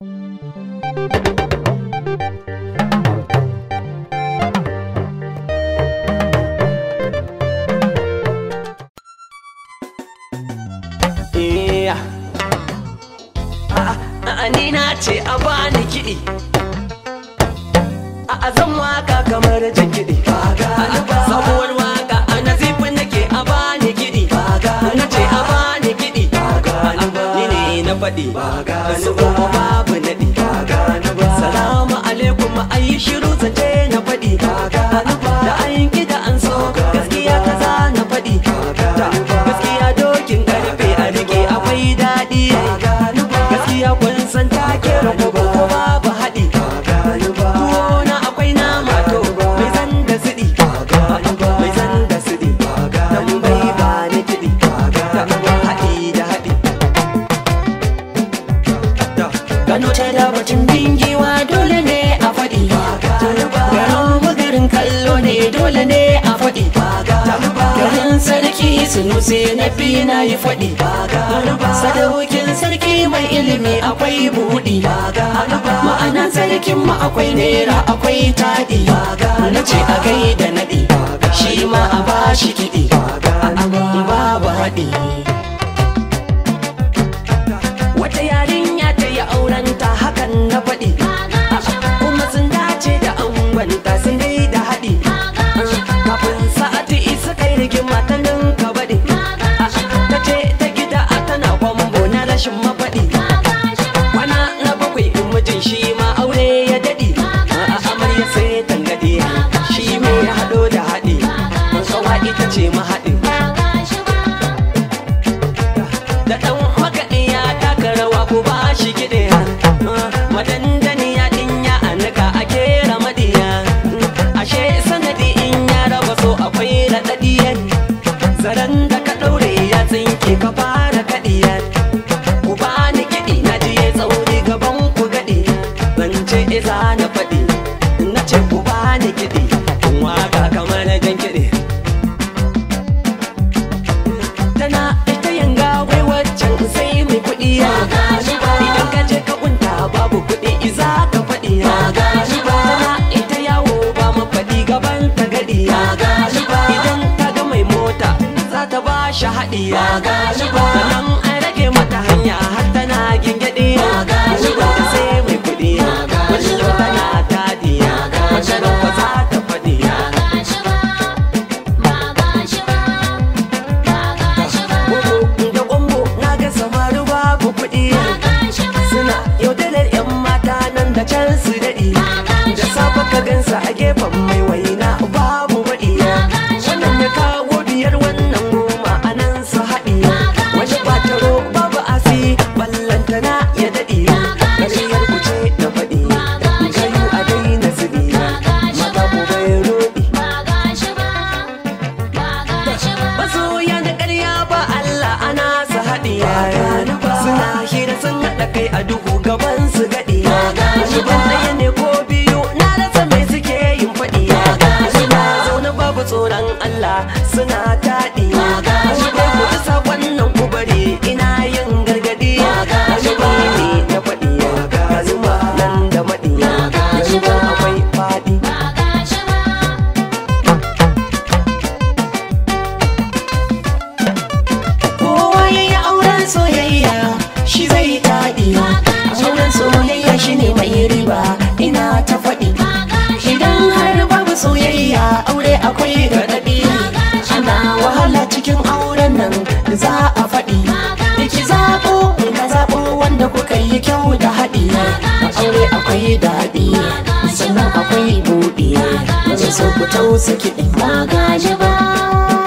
Eh, ni na ce a bani kiɗi a zan waka kamar jin kiɗi saboda faɗi su ba babu naɗi salamu alaikum ayi shiru zan ne dole ne a faɗi garin sarki sunuse na fi na yi faɗi sadaukin sarki mai ilimi akwai buɗi ma'anan sarkin ma akwai naira akwai taɗi na ce a gai da naɗi shi ma a ba shi kiɗi babu haɗi wata yarinya ta yi aurenta hakan na faɗi matashin mafaɗi kwana na bakwai in mijin shi ma aure ya daɗi amarya sai tangaɗe shi me ya haɗo da haɗi tsawa ita ce mahaɗi da ɗan makaɗi ya taka rawa ko ba shi kiɗe madandani ya ɗinya a nika a kera maɗiya ashe sanadi in ya raba so akwai raɗaɗiyar zaren da ka ɗaure ya tsinke ka fara kaɗiyar. mai kuɗi idan ka je ka kunta babu kuɗi iza ka faɗi tana ita yawo ba mafaɗi gaban ta gaɗi idan ta ga mai mota za ta ba shi haɗi ba. a gefen mai waina babu baɗiya. wannan ya kawo biyar wannan goma a nan su haɗiya wani ba taro babu asi ballantana ya daɗi ƙarfiyar ku na faɗi kayu a dai na zubi mata ku bai roɗi masoya na ƙarya ba Allah ana su haɗiya suna hira sun haɗa kai a duhu akwai raɗaɗi ana wahala cikin auren nan da za a faɗi ki zaɓo ga zaɓo wanda kuka yi kyau da haɗi aure akwai daɗi sannan akwai buɗe wani so ku tausa kiɗin ba gaji ba